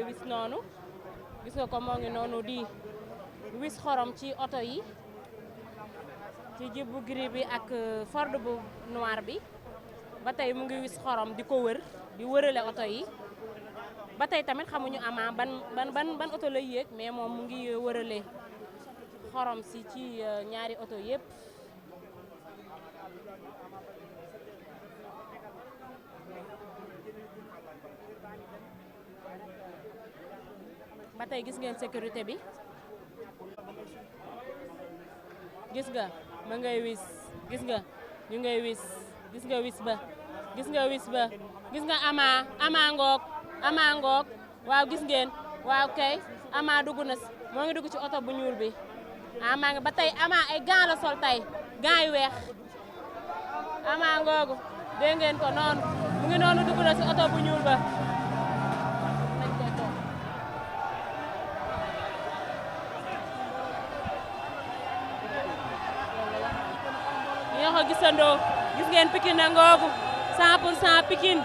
wis noonu gis ko moo ngi noonu di wis xorom ci oto yi ci jib bu gris bi ak euh, Ford bu noir bi ba tey mu ngi wis xorom di ko wër di wërale oto yi ba tey tamit xamuñu ama ban ban ban ban oto lay yéeg mais moom mu ngi wërale xorom si ci euh, ñaari oto yépp ba tey gis ngeen sécurité bi gis nga ma ngay wis gis nga ñu ngay wis gis nga wis ba gis nga wis ba gis nga ama ama ngoog ama ngoog waaw gis ngeen waaw kay ama dugg na moo ngi dugg ci oto bu ñuul bi ama ah nga ba tey ama ay gants la sol tey gants yu weex ama ngoogu dégg ngeen ko noonu mu ngi noonu dugg oto bu ba gis ngeen Pikine na ngoogu 100 pour cent Pikine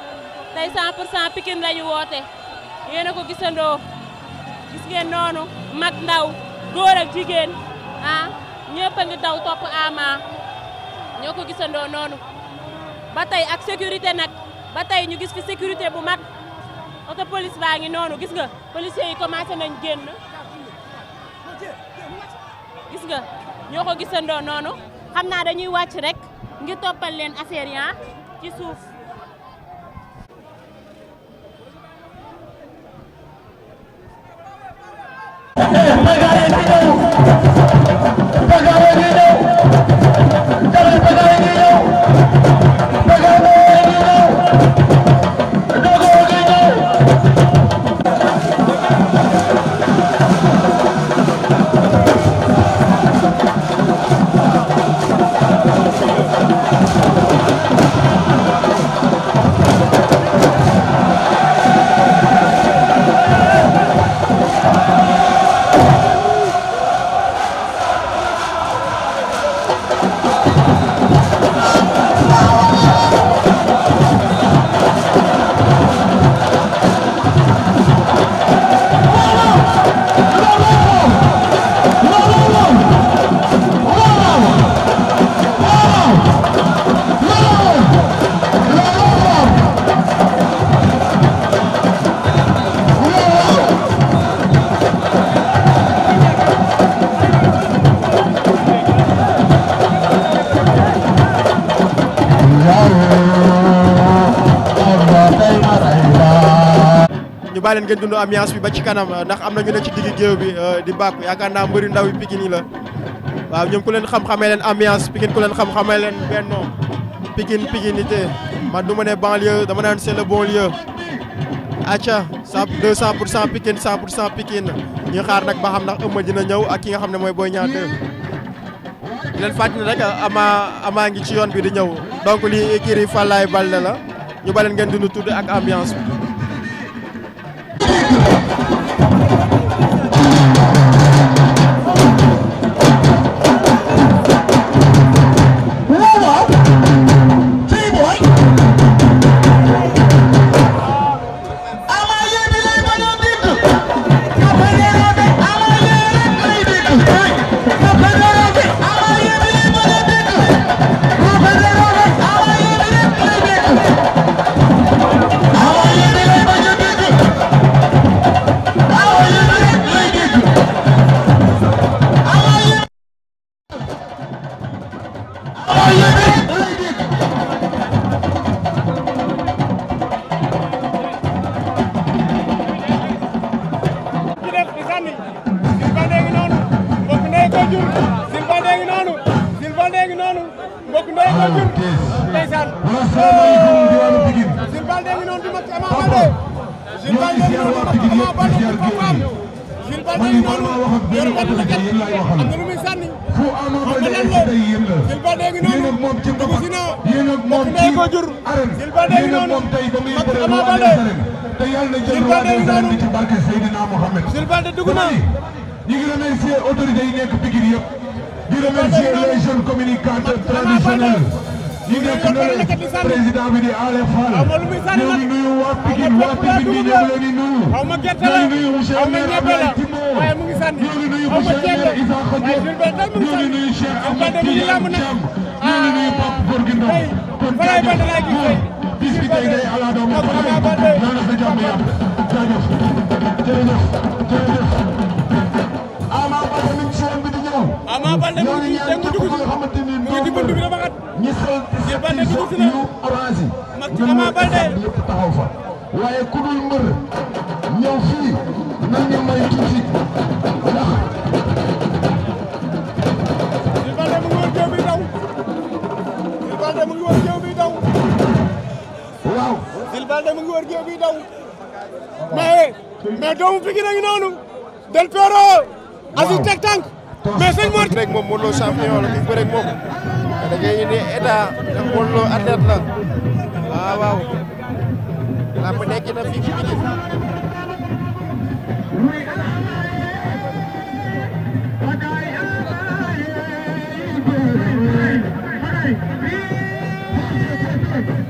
tey 100 pour cent Pikine la ñu woote yéen ko gis ngeen noonu mag ndaw góor jigéen ah ñëpp a ngi daw topp Ama ñoo ko gisandoo noonu ba tey ak sécurité nag ba tey ñu gis fi sécurité bu mag oto police baa ngi noonu gis nga policiers yi commencé nañ génn gis nga ñoo ko gisandoo noonu xam naa dañuy wàcc rek ngir toppal leen affaire yi ci suuf bàyyi leen ngeen dund ambiance bi ba ci kanam ndax am na ñu ne ci digg géew bi euh, di bàkku yaakaar naa mbëri ndaw yi Pikine yi la waaw ñoom ku leen xam-xamee leen ambiance Pikine ku leen xam-xamee leen benno Pikine Pikinité man du ma ne banlieue dama naan c'est le bon lieu acca sa 200 pour cent Pikine 100 pour cent Pikine ñu xaar nag ba xam ndax ëmma dina ñëw ak ki nga xam ne mooy booy Niang 2 di leen fàttali rek amaa amaa ngi ci yoon bi di ñëw donc lii kii Falaye Baldé la ñu baleen ngeen dund tuuti ak ambiance Thank you. nekk Pikine yëpp di remercier les jeunes communicateurs traditionnels yi nekk na le président bi di Alé Fall ñoo ngi nuyu waa Pikine waa Pikine bi ñoo ngi leen di nuyu ñoo ngi nuyu monsieur le maire Abdoulaye Timbo ñoo ngi nuyu monsieur le maire Issakha Diop ñoo ngi nuyu Cheikh Ahmed Tidiane Thiam ñoo ngi nuyu Pape Gorgui Ndong kon jaajëf moom bis bi tey day ala doomu Fatou Ndiaye ñoo na sa jàmm yàlla jaajëf jërëjëf jërëjëf. ñaan képp nga xamante ni ñoom ñi sol ci sa t-shirt yu orange yi ñun ñoo stade yëpp taxaw fa waaye ku dul mbër ñëw fii nañu may tuuti ndax Jules mu ngi wër géew daw mais mais doomu Pikine a ngi noonu Del Piero Aziz teg tànk mais sëñ Mor. rek moom Modou Lo champion la fi rek moom da ngay indi état ndax Modou Lo athlète la waaw waaw làmb nekk na fii ci biir.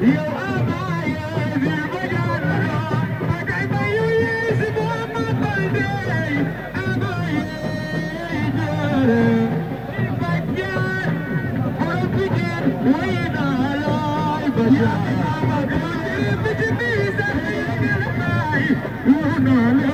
Yeah. Amen.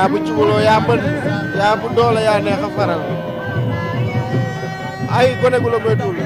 waaw bu jubuloo yaa mën yaa bu doole yaa neex a faral ay gone gu la moytuwul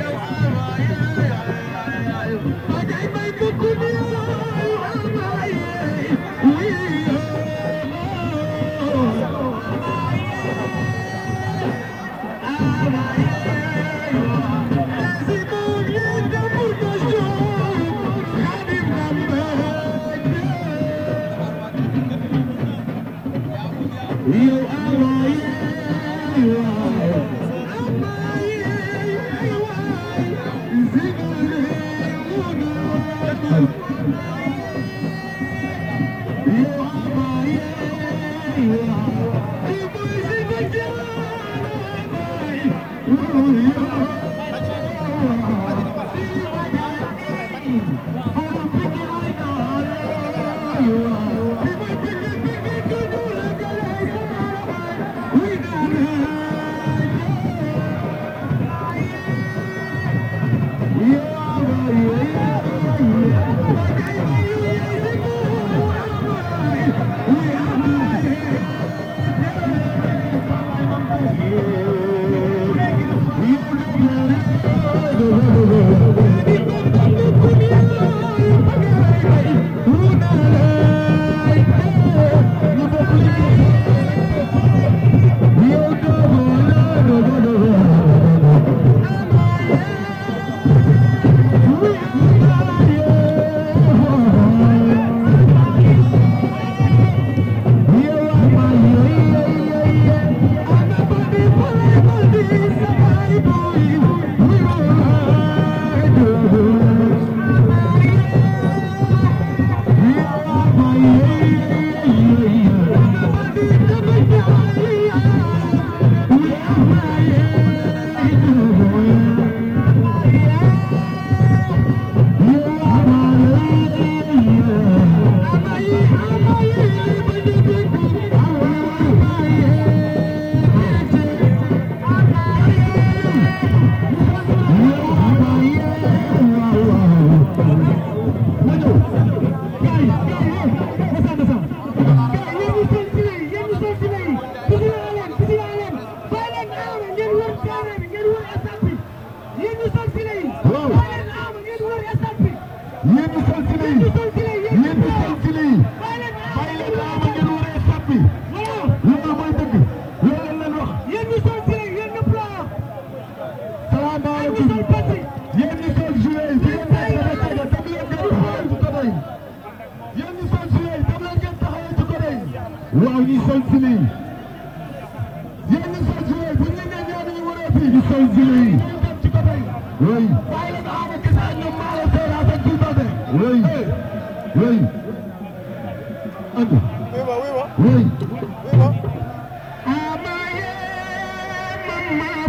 Mama.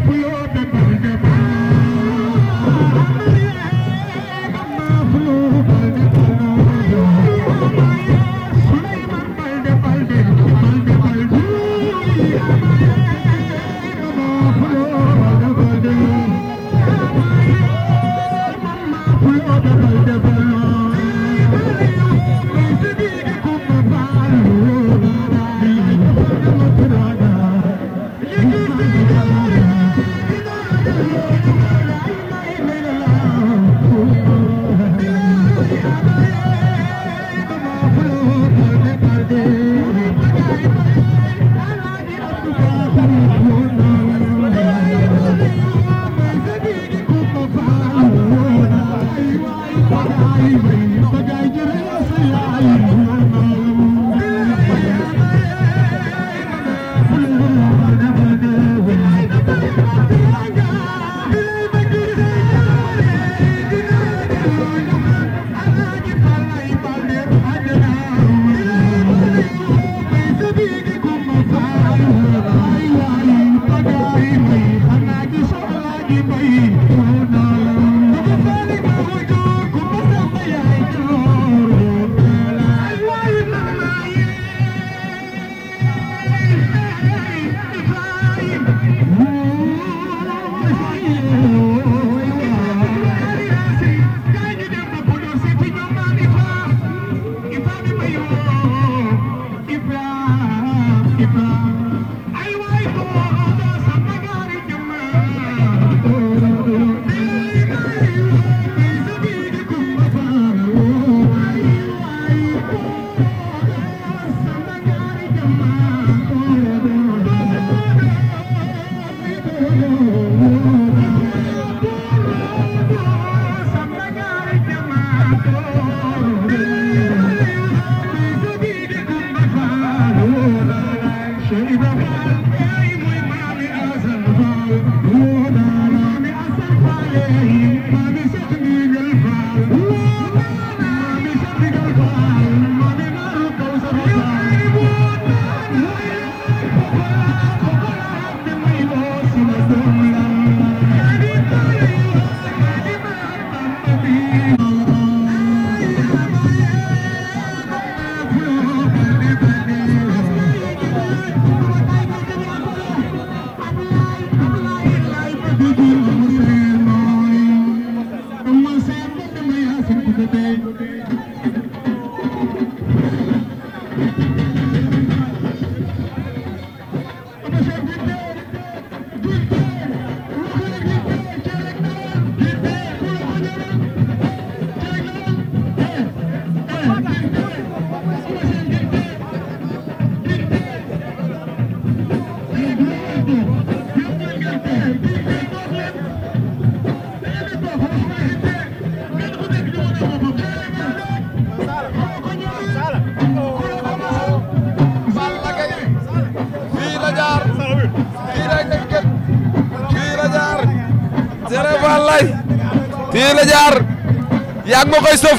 yaa ngi ma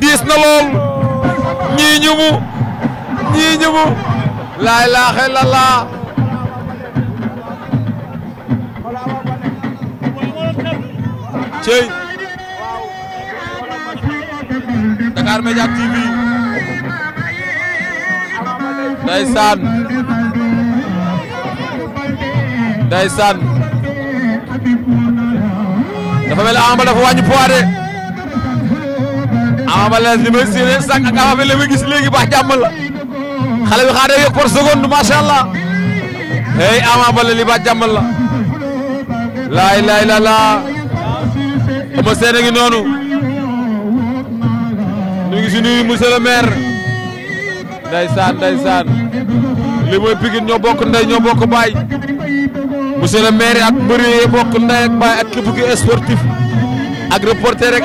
diis na lool ñii ñumu ñii ñumu laa ilaaha illallaah cey Dakar Media TV ndeysaan ndeysaan dafa mel Ama dafa wàññi poids Ama Baldé li may séeréer sax ak Ama Baldé li gis léegi baax jàmm la xale bi xaaral yëg par seconde macha allah hey Ama Baldé li baax jàmm la. laay laay la laa Eumeu noonu ñu ngi nuyu monsieur le maire ndeysaan ndeysaan li mooy Pikine ñoo bokk ndey ñoo bokk baay monsieur le maire ak mbëri yi bokk ndey ak ak képp ki sportif ak reporter ak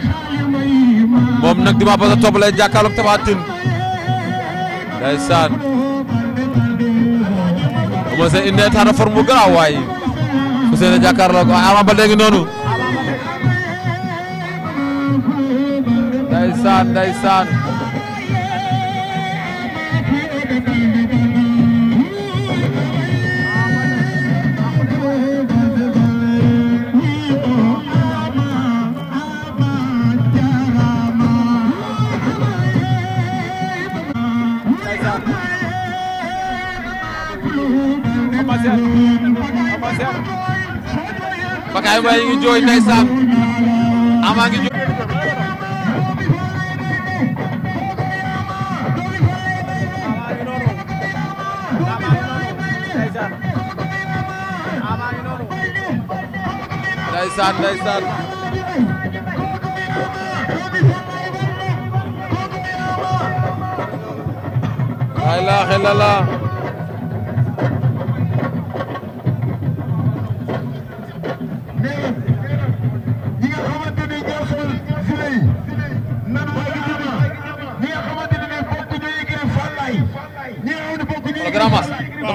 moom nag di ba sa topp lay jàkkaarloog Tapha Tine ndeysaan Eumeu Sène indi état de forme bu garaaw waaye su seen a jàkkaarloog waaye Ama Baldé ngi noonu Baye Mbaye ngi jooy ndeysaan Ama ngi jooy ndeysaan ndeysaan la ilaha illallah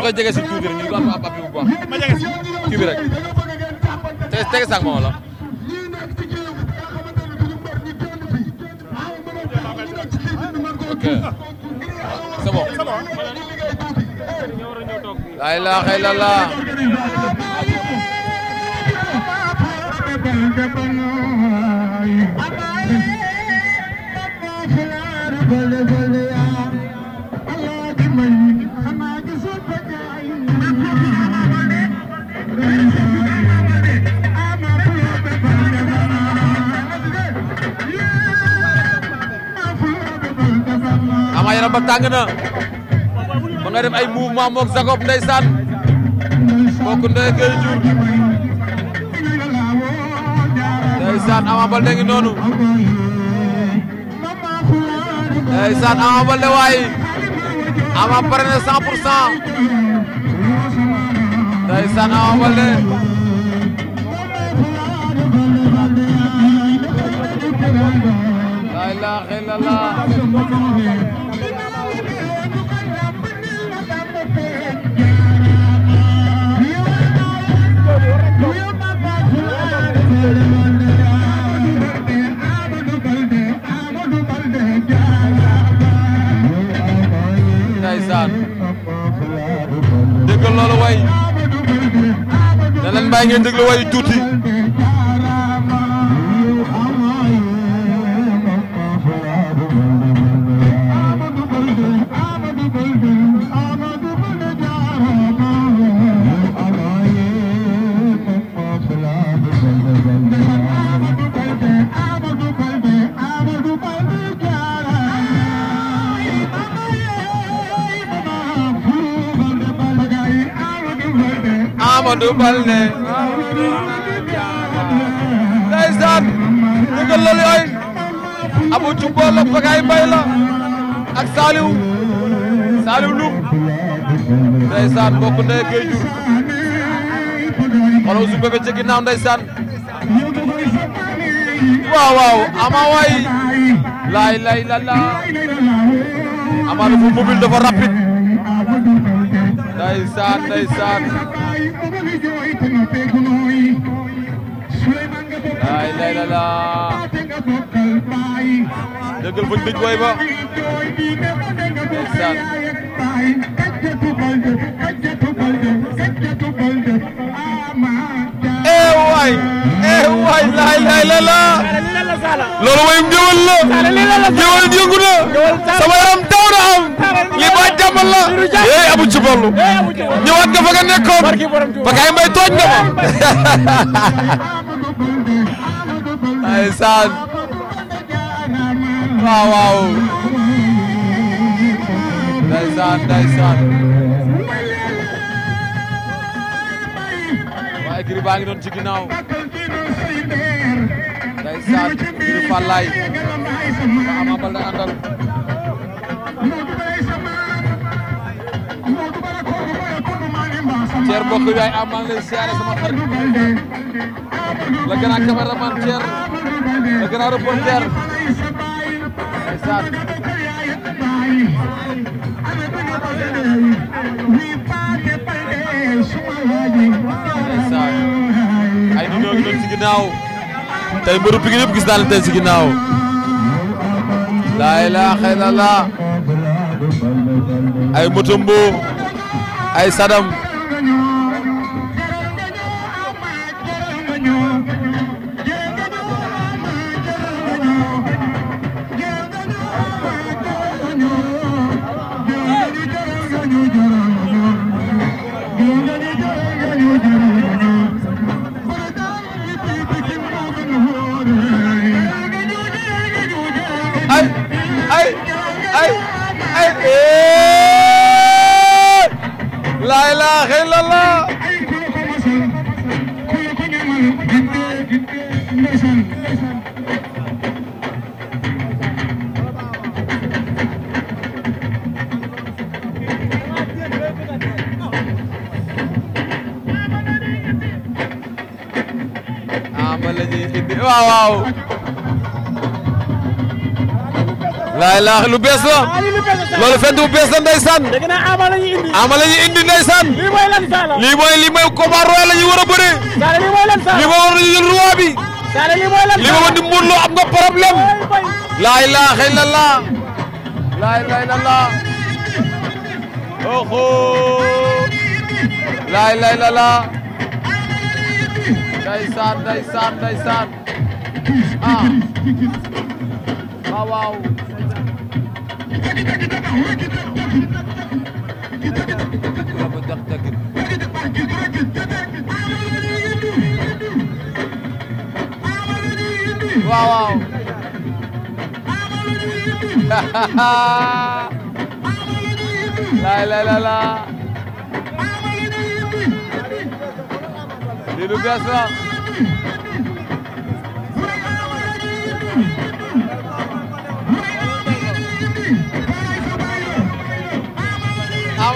koy jege si tuuti rek ñu ko am ab appui bu baax. ma jege si kii bi la. la ilaha ba tàng na ba nga def ay mouvement moog Jacob ndeysaan mbokk ndey kay jur ndeysaan Ama Baldé ngi noonu ndeysaan Ama Baldé waay Ama pare na 100 pour cent ndeysaan Ama Baldé la ilaha naa ngeen déglu waaye tuuti Amadou Balde ndeysaan yëgal la yooyu Abou Jumbo la Pagaye Mbaye la ak Saliou Saliou Loum ndeysaan mbokk ndey ak kay jur xoolal su bébé ci ginnaaw ndeysaan waaw waaw ama waay laay laay la la ama dafa mobile dafa rapide ndeysaan ndeysaan ay lay la la dëggal loolu wayum jëwal la jëwal yëngu na sama yaram daw na am li ba jàmbal la ee eh, abu jubalu nga fa nga nekkoon nga ndeysaan waaw waaw ndeysaan ndeysaan waaye giri baa ngi doon ci ginnaaw ndeysaan giri fàllaay ba Ama Baldé àndal Ceer mbokk yi waaye am maa ngi lay siyaare sama xarit la gën a cameraman Ceer da gën a reporter ndeysaan ay nit ñoo ngi doon si mbëru Pikine yëpp gis naa leen tey ginnaaw laa ilaaha illallaah ay motombo ay sadam ay la ilaha illallah ah, waaw waaw laay laax lu bees la loolu fedd bu bees la lii mooy lii mooy combat royal la ñu war a bëre lii mooy lan lii mooy war lii mooy di Modou Lo am nga problème laa ilaaha illallah laa ilaaha illallah oho laa ilaaha illallah ndeysaan ndeysaan ndeysaan ah, ah waaw waaw waaw waaw laay laay la la lii lu bees la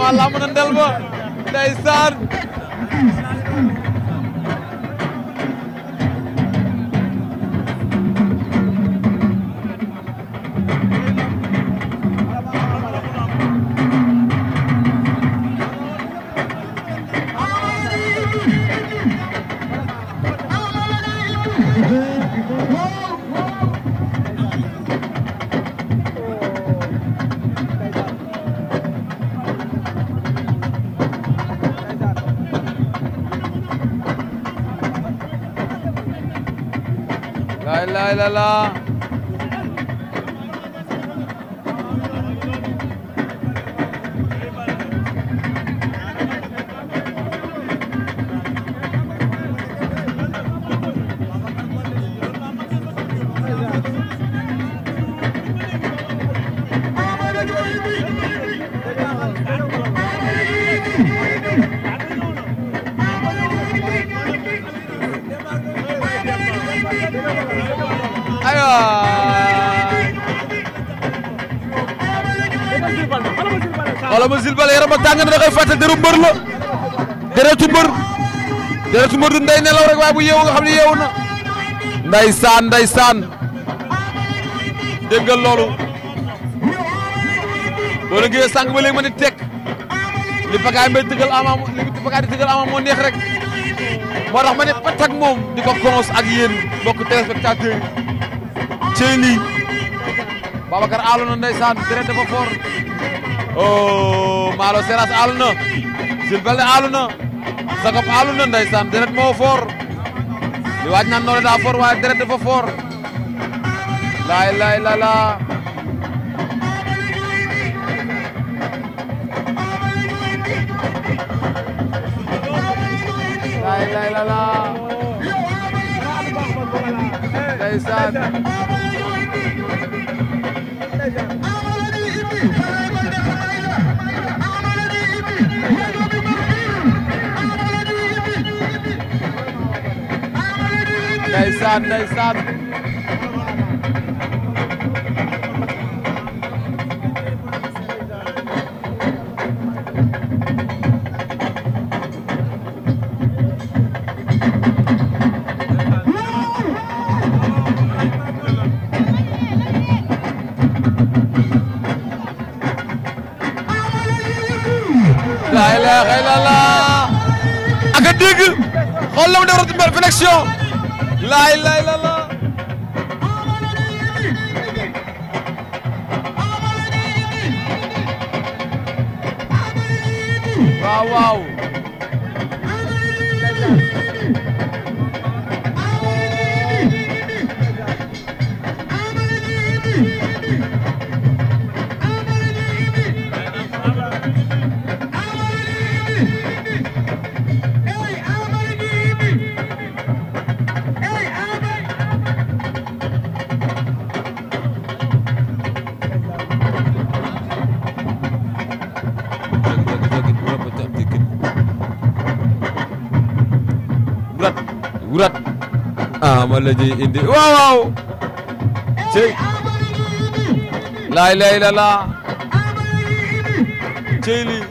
ama lamb na ndel ba ndeysaan illallah xoolal ma Jules Baldé yaram ak tàng na da koy fàtte deru mbër la deretu mbër deretu mbër du ndey nelaw rek waaye bu yeewu nga xam ne yeewu na nday saan nday saan déggal loolu loolu ngeen sànq ba léegi ma ni tek li pakaay mbay tëggal ama li pakaay di tëggal ama moo neex rek moo tax ma ne pat moom di ko konos ak yéen mbokk téléspectateurs yi cey lii Babacar aalo na ndeysaan deret dafa fort oh Malo Seras aalu na Jules Baldé na Jacob aalu na ndeysaan deret moo foor li waaj naan noole daa foor waaye deret dafa foor laay la la laay la la ndeysaan ndeysaan ndeysaan la ilaha illallah ak a dégg xool la mu def rek ci Fenexxion laay laay la la waaw ama la ñuy indi waaw waaw cey laay lay la laa cey lii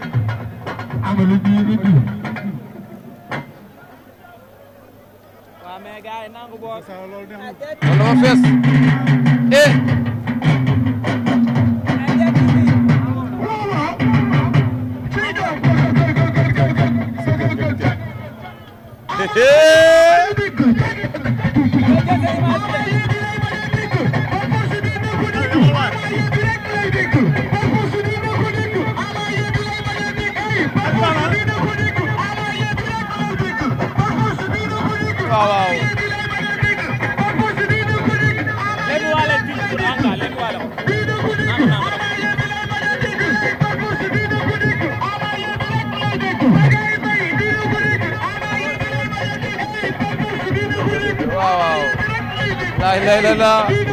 la ilaha illallah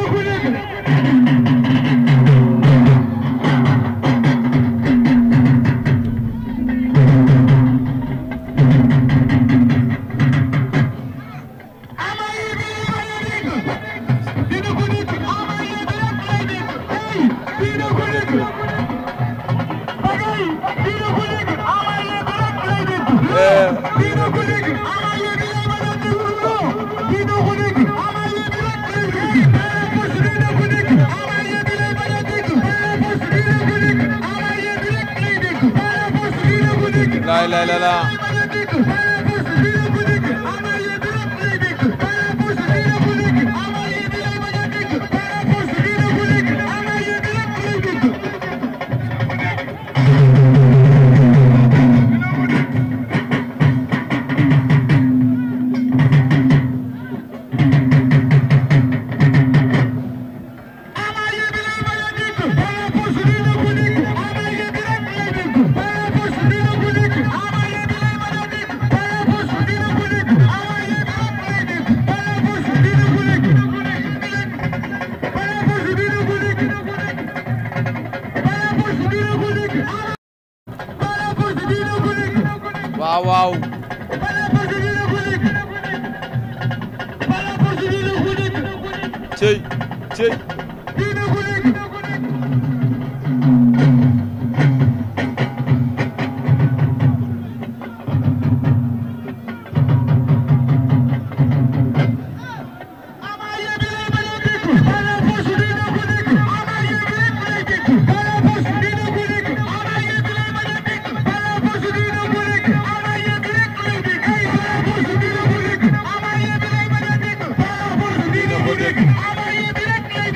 la la la la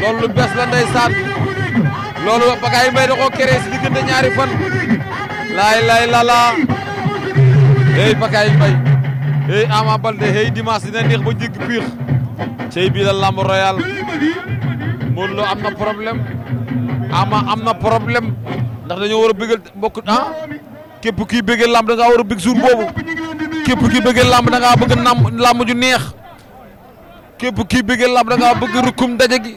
loolu lu bees la ndeysaan loolu Bagaye Mbaye da koo créé si diggante ñaari fan laay laay lala hey Bagaye Mbaye hey Ama Baldé hey dimanche dina neex ba jéggi piix cey bii la lamb royal Modou Lo am na problème Ama am na problème ndax dañoo war a bëggal mbokk ah képp kii bëggee lamb da ngaa war a bëgg suur boobu képp kii bëggee lamb da ngaa bëgg nam lamb ju neex kii bëggee lamb da ngaa bëgg rukkum daje gi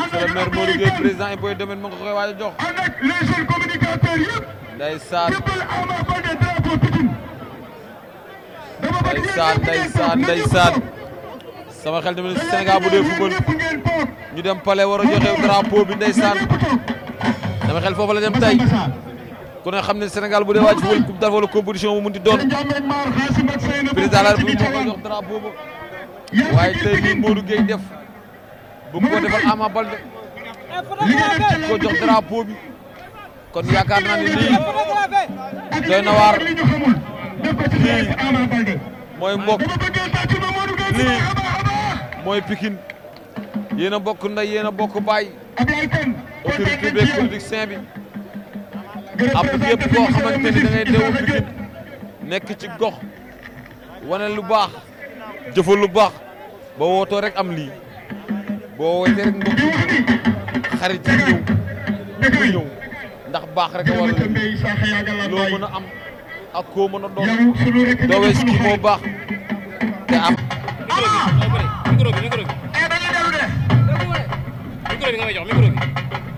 monsieur le maire Modou Gueye président et boy domaine mu ngi koy waaj a jox. avec les jeunes communicateurs yëpp. ndeysaan jëppal Ama Baldé drapeau Pikine. ndeysaan ndeysaan ndeysaan sama xel dama ne Sénégal bu dee football ñu dem Palais war a joxe drapeau bi ndeysaan sama xel foofu la dem tey ku ne xam ne Sénégal bu dee waaj football coupe d'Afrique wala compétition bu mun di doon président la République moo koy jox drapeau ba waaye tey lii Modou Gueye def. bëgg ko defal Ama Baldé ko jox drapeau bi kon yaakaar naa ne lii doy na waar lii mooy mbokk lii mooy Pikine yéen a bokk nday yéen a bokk baay autorité beeg politicien bi ab képp koo xamante ni da ngay dewu Pikine nekk ci gox wane lu baax jëfal lu baax ba wootoo rek am lii boo wootee rek mbokk xarit yi ñëw mu ñëw ndax baax rek a war a loo mën a am ak koo mën a doon doo wees kii moo baax te am. micro bi micro bi eh, jox micro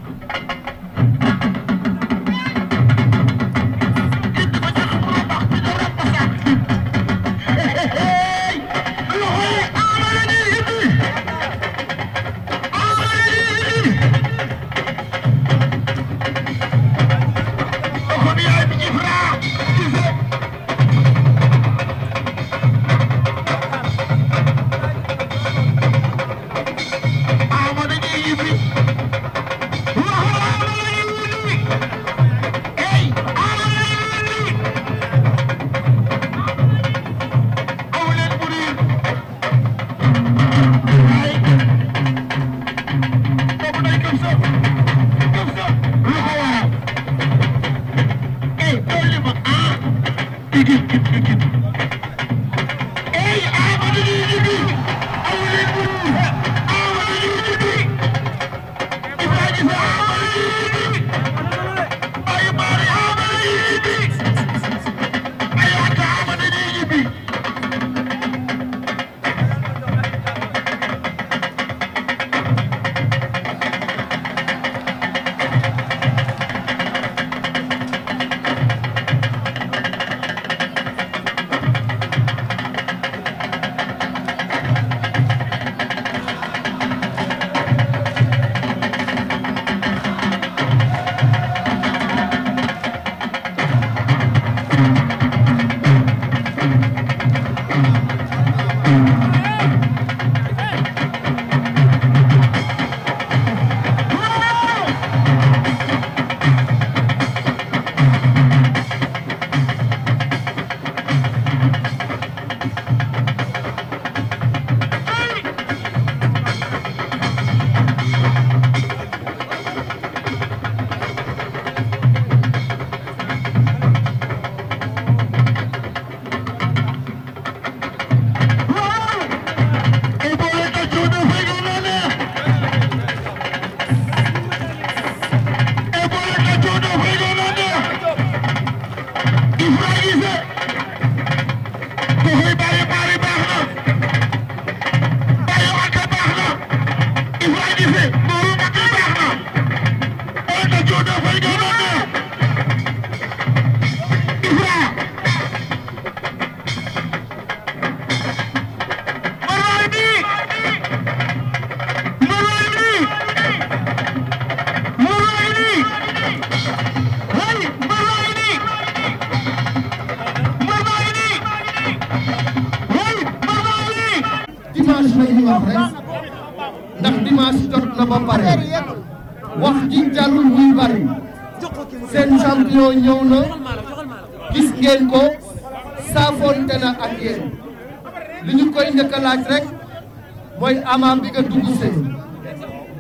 Ama bi nga dugg see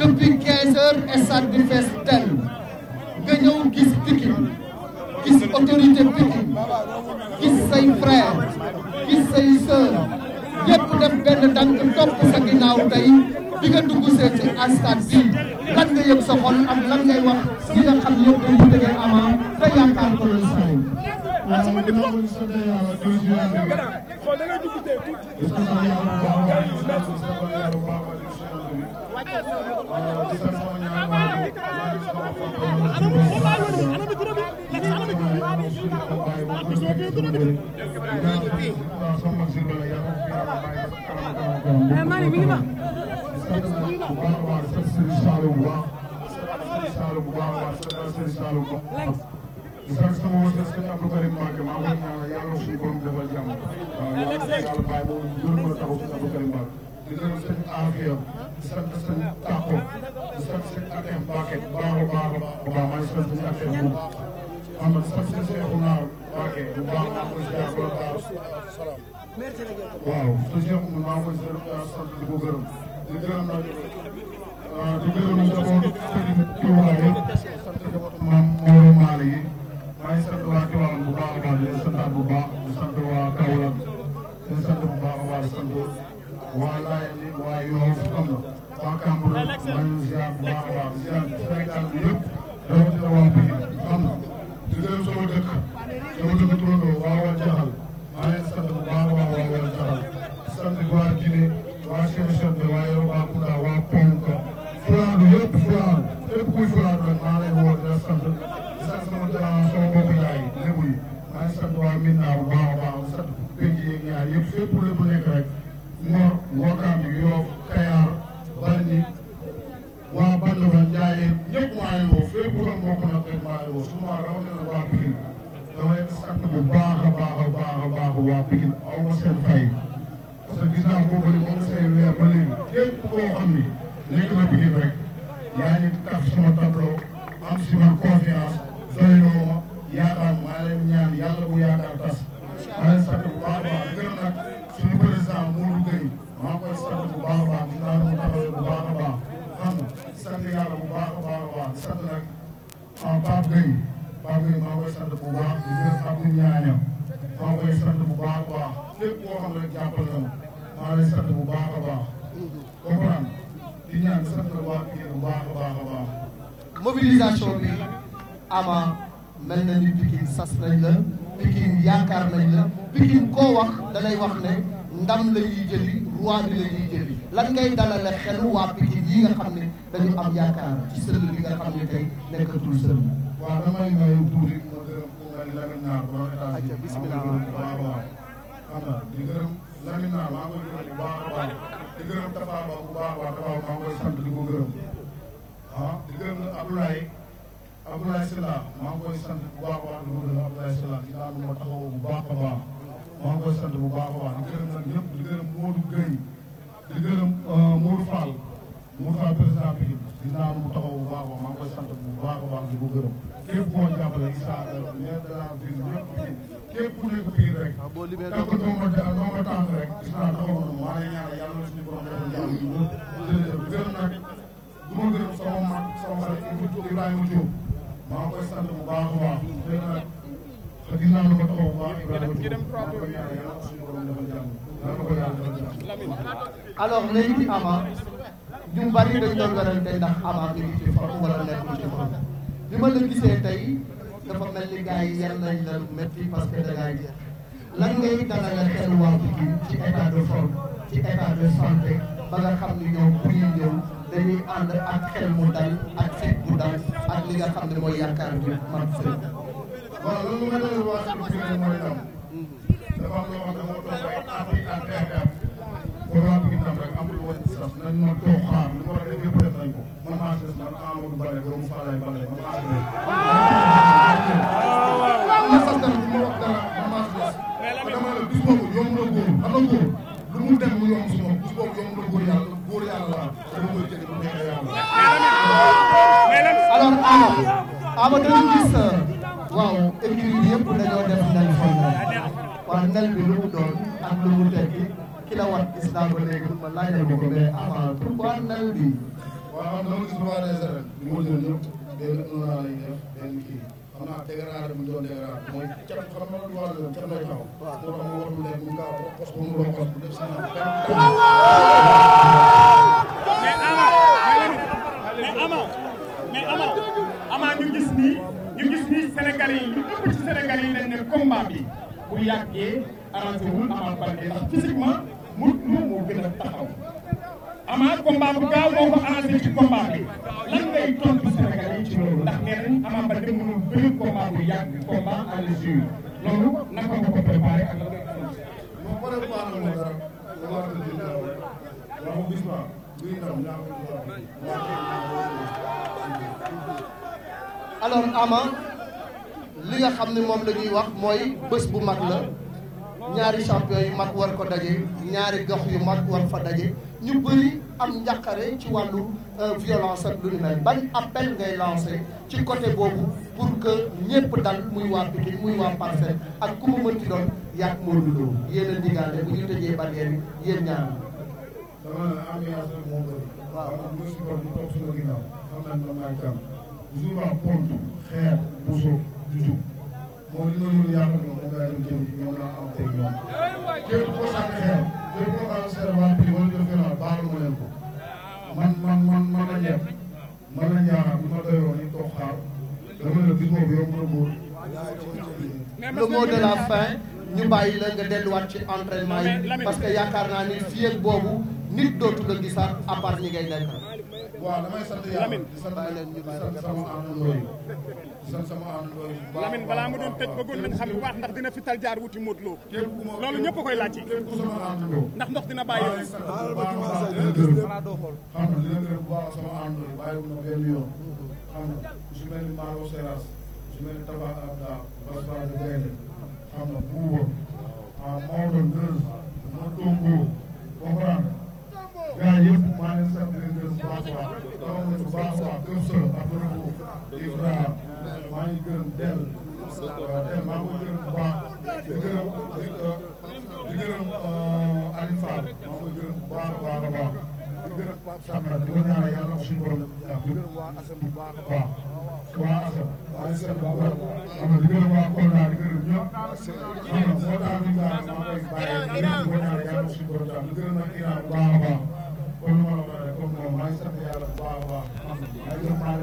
depuis 15 heures stade bi ñëw gis Pikine gis autorité Pikine gis say frère gis say sœur ñëpp def benn tànk topp sa ginnaaw tey bi nga dugg ci stade bi lan nga sa xol am lan ngay wax li nga xam yëpp dañuy déggee Ama te yaakaar ko loolu si waaw a a baax di di sant sama woon des nañ Abdou Karim Mbacke maa ngi ñaanal yàlla suñu borom defal jàmm waaw yàlla na yàlla bàyyi ba wala mën a taxaw si Abdou Karim Mbacke. di gërëm sëñ Afia di sant sëñ Tako di sant sëñ Akem Mbacke baax a baax a baax maa ngi sant sëñ Akem xam nga sax sa Seexuna Mbàkke bu baax maa ngi koy siyaare waaw sa Seexuna maa ngi koy siyaare sant di ko gërëm di gërëm nag di gërëm njaboot Tiwaawan yëpp maam Mor Maale yi maa ngi sant waa Tiwaawan bu baax a baax di leen santaat bu baax di sant waa Kaolack di leen sant bu baax a baax di sant waa Laayeen yi waa Yoof xam nga waa Cambérène maa ngi siyaare bu baax a baax di siyaare Sénégal bi yëpp rawatina waa di gërëm sama dëkk sama dëkk mobilisation bi ama mel na ni Pikine sas nañ la Pikine yaakaar nañ la Pikine koo wax dalay wax ne ndam la ñuy jëli roi bi la ñuy jëli lan ngay dalale xelu waa Pikine yi nga xam ne dañu am yaakaar ci sël bi nga xam ne tey nekkatul sël waaw damay nuyu tuuti ma gërëm ku mel ni Lamine Naar borom état bi nga di gërëm Lamine maa ngi koy bu baax a baax di baax a baax maa ngi sant di ko gërëm ah di gërëm nag Abdoulaye Abdoulaye Sylla maa ngi koy sant bu baax a baax di gërëm Abdoulaye Sylla di daal moo taxawoo bu baax a baax maa ngi koy sant bu baax a baax di gërëm nag ñëpp di gërëm Modou Gueye di gërëm Modou Fall Modou Fall président bi di daal mu taxaw bu baax a baax maa ngi koy sant bu baax a baax di ko gërëm képp koo jàppale Issa maire de la ville ñëpp képp ku nekk fii rek képp ku ma ma tànn rek Issa taxaw na maa ngi ñaan yàlla na suñu borom defal jàmm yu wër jërëjëf di gërëm nag du ma gërëm sama maa koy sant bu a baax dégg nga nag gis naa lu ko taxaw bu baax bari dañ doon werante tey ndax mi ngi ci forme wala nekkul ci forme bi ma la gisee tey dafa mel ni gars yi yar nañ la métti parce que da ngaa jeex lan ngay dalal ci état de forme ci état de santé ba nga ni ñoom bu ñuy ñëw. dañuy ànd ak xel mu dal ak fit bu dal ak li nga xam ne mooy yaakaar bi man sëriñ. waaw loolu ma doon wax ci biir mooy tam. dafa am loo xam ne moo toog ay at bi ak xeexam. programme bi tam rek amul woon islam nañ ma toog xaar li ma war a def yëpp def nañ ko. man maa des man Amadou Bale doomu Falaye Bale man maa des. waaw waaw waaw. mu wax dara man maa des. dama la bis boobu yomb na góor am na góor lu mu dem mu yomb si moom bis boobu yomb na góor yàlla. ama ama dañu gis waaw écurie bi yëpp dañoo def ndel xool waaw ndel bi lu mu doon ak lu mu tekki ki wat gis naa ko ma laajal ko mais ama pourquoi ndel bi waaw am na mu gis lu ma des rek moo jël ñëpp benn noona lañ kii xam naa dégradé mu doon dégradé mooy cat xam na lu wàllu cat mu warul leen mu mu roxos bu def temps bi bu yàggee arrangé wul Ama Baldé ndax physiquement mu mu gën a taxaw Ama combat bu gaaw moo ko ci combat bi lan ngay tontu Sénégal yi ci loolu ndax nee nañ Ama Baldé mënul bëri combat bu yàgg combat à l'usure loolu naka nga ko préparé ak la nga euh, alors Ama li nga xam ne moom lañuy wax mooy bés bu mag la ñaari champion yu mag war ko daje ñaari gox yu mag war fa daje ñu bëri am njàqare ci wàllu violence ak lu ni mel ban appel ngay lancé ci côté boobu pour que ñëpp dal muy waa Pikine muy waa Parcelles ak ku mu mënti doon yàgg Modou Lo yéen a ndigaale bu ñu tëjee barrière yi yéen ñaar. la mu toog sama du jub moom li ma mën a yàqu moom moom laa doon jëm moom laa am teg ñoom. képp koo sànni xeer képp koo xam ne servante bi wala jëf naa baalu ma leen ko man man man man la ñepp man la ñaaxal bu ma doyoon ñu toog xaar dama ne la bis boobu yow mën a góor. le mot de la fin. ñu bàyyi la nga delluwaat ci entraînement yi parce que yaakaar naa ni fii ak boobu nit dootu la gisaat à part ñi ngay nekk. waaw damay sant yàlla di sant leen ñu bàyyi la sama àndandoo yi di sant sama àndandoo yi bu baax Lamine balaa ma doon tëj bëggoon nañ xam bu baax ndax dina fital jaar wuti Modou Lo loolu ñëpp a koy laaj ci ndax ndox dina bàyyi la sant bu baax xam nga dina gërëm bu baax sama àndandoo yi bàyyiwul na benn yoon xam nga su mel ni Maro Seras su mel ni Taba Abda Basba de Gaynde I'm a mover. I'm more than this. I'm not Tongo. Oban. Yeah, yes, my second is Baba. Come with Baba, Gusa, Abu, Ibrahim, Michael, Del. Del, my mother, Ba. You get him, you get him, uh, Alifa. My mother, Ba, Ba, Ba. Di gërëm Pape Samra di ko ñaanal yàlla suñu borom di gërëm waa Assane bu baax a baax waa Assane waaye sëñ bi waaw xam nga di gërëm waa Kolda di gërëm ñëpp xam nga moo tax ñu daal maa koy bàyyee ñu boo ñaaree yàlla suñu borom daal di gërëm nag Iran bu baax a baax kon ma la waxee comme moom maa ngi sant yàlla bu baax a baax. waaye gërëm naa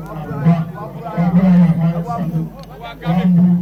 leen bu baax a baax.